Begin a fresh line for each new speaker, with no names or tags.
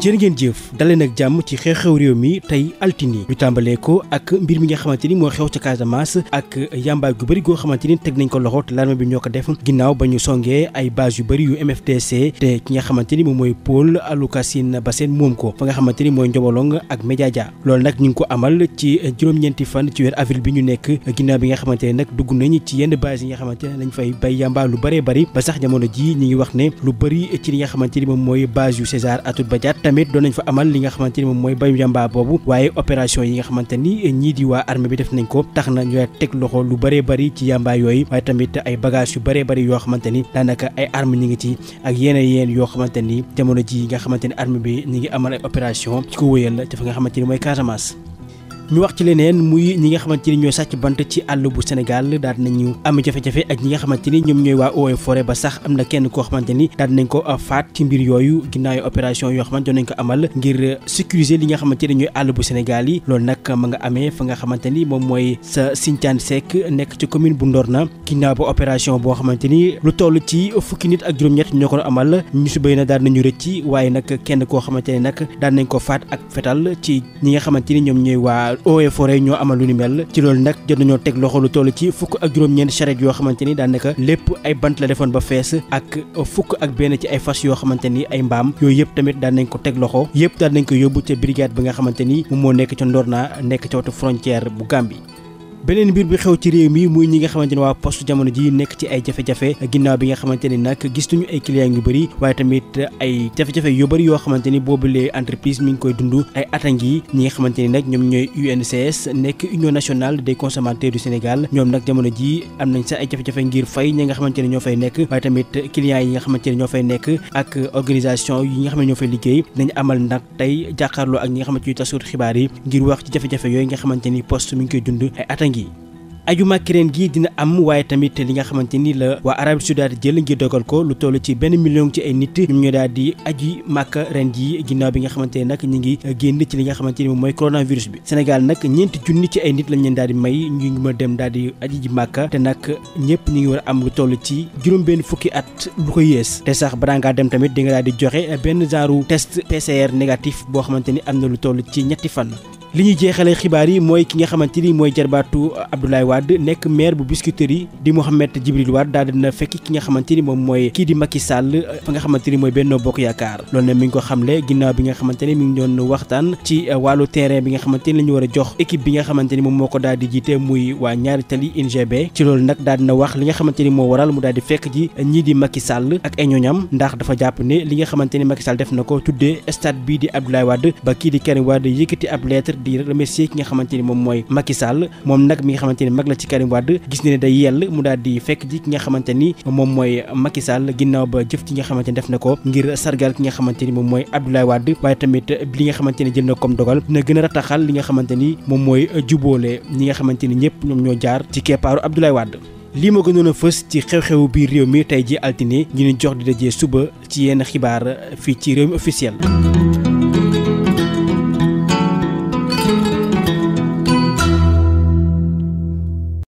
jërë ngeen jëf daleen ak jàmm ci xew-xew réew mi tey altini ñu tàmbalee ko ak mbir mi nga xamante ni moo xew ca Casamance ak yàmbaay gu bëri goo xamante ni teg nañ ko loxo te l'armée bi ñoo ko def ginnaaw ba ñu songee ay base yu bëri yu MFDC te ki nga xamante ni moom mooy Paul Alukasine seen moom ko fa nga xamante ni mooy Njobolong ak Médiadia lool nag ñu ngi ko amal ci juróom-ñeenti fan ci weer avril bi ñu nekk ginnaaw bi nga xamante ne nag dugg nañu ci yenn base yi nga xamante ne dañ fay bay yàmbaa lu bëree bëri ba sax ji ñu ngi wax ne lu bëri ci li nga xamante ni moom mooy base yu César Atoute tamit doon nañ fa amal li nga xamante ni moom mooy bayu yamba boobu waaye opération yi nga xamante ni ñii di waa armée bi def nañ ko tax na ñooy teg loxo lu bëree bëri ci yamba yooyu waaye tamit ay bagage yu bëree bari yoo xamante ni daanaka ay arme ñi ngi ci ak yeneen yeneen yoo xamante ni jamono ji nga xamante ni armée bi ñi ngi amal ay opération ci ko wëyal te fi nga xamante ni mooy Casamance ñu wax ci leneen muy ñi nga xamante ni ñooy sàcc bant ci àll bu Sénégal daal nañu am jafe-jafe ak ñi nga xamante ni ñoom ñooy waa Eaux et ba sax am na kenn koo xamante ni daal nañ ko faat ci mbir yooyu ginnaaw opération yoo xamante nañ ko amal ngir sécuriser li nga xamante ni ñooy àll bu Sénégal yi loolu nag ma nga amee fa nga xamante ni moom mooy sa Sinthiane Seck nekk ci commune bu Ndorna ginnaaw ba opération boo xamante ni lu toll ci fukki nit ak juróom ñoo ko amal ñu si béy na daal nañu rëcc waaye nag kenn koo xamante ni nag daal nañ ko faat ak fetal ci ñi nga xamante ni ñoom ñooy waa eaux et ñoo amal lu ni mel ci loolu nag jot nañoo teg loxo lu toll ci fukk ak juróom-ñeent charrette yoo xamante ni daanaka lépp ay bant la defoon ba fees ak fukk ak benn ci ay fas yoo xamante ni ay mbaam yooyu yëpp tamit daan nañ ko teg loxo yëpp daan nañ ko yóbbu ca brigade bi nga xamante ni moo nekk ca na nekk ca wetu frontière bu Gambie beneen mbir bi xew ci réew mi muy ñi nga xamante ne waa post jamono ji nekk ci ay jafe-jafe ginnaaw bi nga xamante ni nag gis ay clients yu bëri waaye tamit ay jafe-jafe bëri yoo xamante ni boobulee entreprise mi ngi koy dund ay atangi ñi nga xamante ni nag ñoom ñooy UNCS nekk Union nationale des consommateurs du Sénégal ñoom nag jamono ji am nañ sax ay jafe-jafe ngir fay ñi nga xamante ne ñoo fay nekk waaye tamit clients yi nga xamante ñoo fay nekk ak organisation yi nga xam ne ñoo fay liggéey nañ amal nag tey jàkkaarloo ak ñi nga xamante ni tasut xibaar yi ngir wax ci jafe-jafe yooyu nga xamante ni poste mi ngi koy dund ay ngi aju màkk ren gi dina am waaye tamit li nga xamante ni la waa Arabie Saoudite jël ngir dogal ko lu toll ci benn million ci ay nit ñu ñoo daal di aji màkk ren ji ginnaaw bi nga xamante ne nag ñu ngi génn ci li nga xamante ni moom mooy coronavirus bi Sénégal nag ñeenti junni ci ay nit lañ leen daal di may ñu ngi ma dem daal di aji ji màkk te nag ñëpp ñu ngi war a am lu toll ci juróom-benn fukki at lu ko yées te sax ba ngaa dem tamit di nga daal di joxe benn genre test négatif boo xamante ni am na lu toll ci ñetti fan. li ñu jeexalee xibaar yi mooy ki nga xamante ni mooy jarbaatu Abdoulaye Wade nekk maire bu Biscuiterie di Mouhamed Djibril Wade daal dina fekk ki nga xamante ni moom mooy kii di Macky Sall fa nga xamante mooy Benno Bokk Yaakaar loolu ne mi ngi ko xamle ginnaaw bi nga xamante ne mi ngi doon waxtaan ci euh, wàllu terrain bi nga xamante ni la ñu war a jox équipe bi nga xamante ni moom moo ko daal di jiite muy waa ñaari tali INGB ci loolu nag daal dina wax li nga xamante ni moo waral mu daal di fekk ji ñii di Macky Sall ak ay ndax dafa jàpp ne li nga xamante ni Macky Sall def na ko tuddee stade bii di Abdoulaye Wade ba kii di Karim Wade yëkkati ab lettre di remercier ki nga xamante ni moom mooy Macky Sall moom nag mi nga xamante ni mag la ci Karim Wade gis ne ne day yell mu daal di fekk ji ki nga xamante ni moom mooy Macky Sall ginnaaw ba jëf ci nga xamante ni def na ko ngir sargal ki nga xamante ni moom mooy Abdoulaye Wade waaye tamit li nga xamante ni jël na comme dogal dina gën a rataxal li nga xamante ni moom mooy jubóole ñi nga xamante ni ñëpp ñoom ñoo jaar ci keppaaru Abdoulaye Wade lii ma gënoon a fës ci xew-xewu biir mi tey ji altine ñu jox di dajee suba ci yenn xibaar fii ci réew mi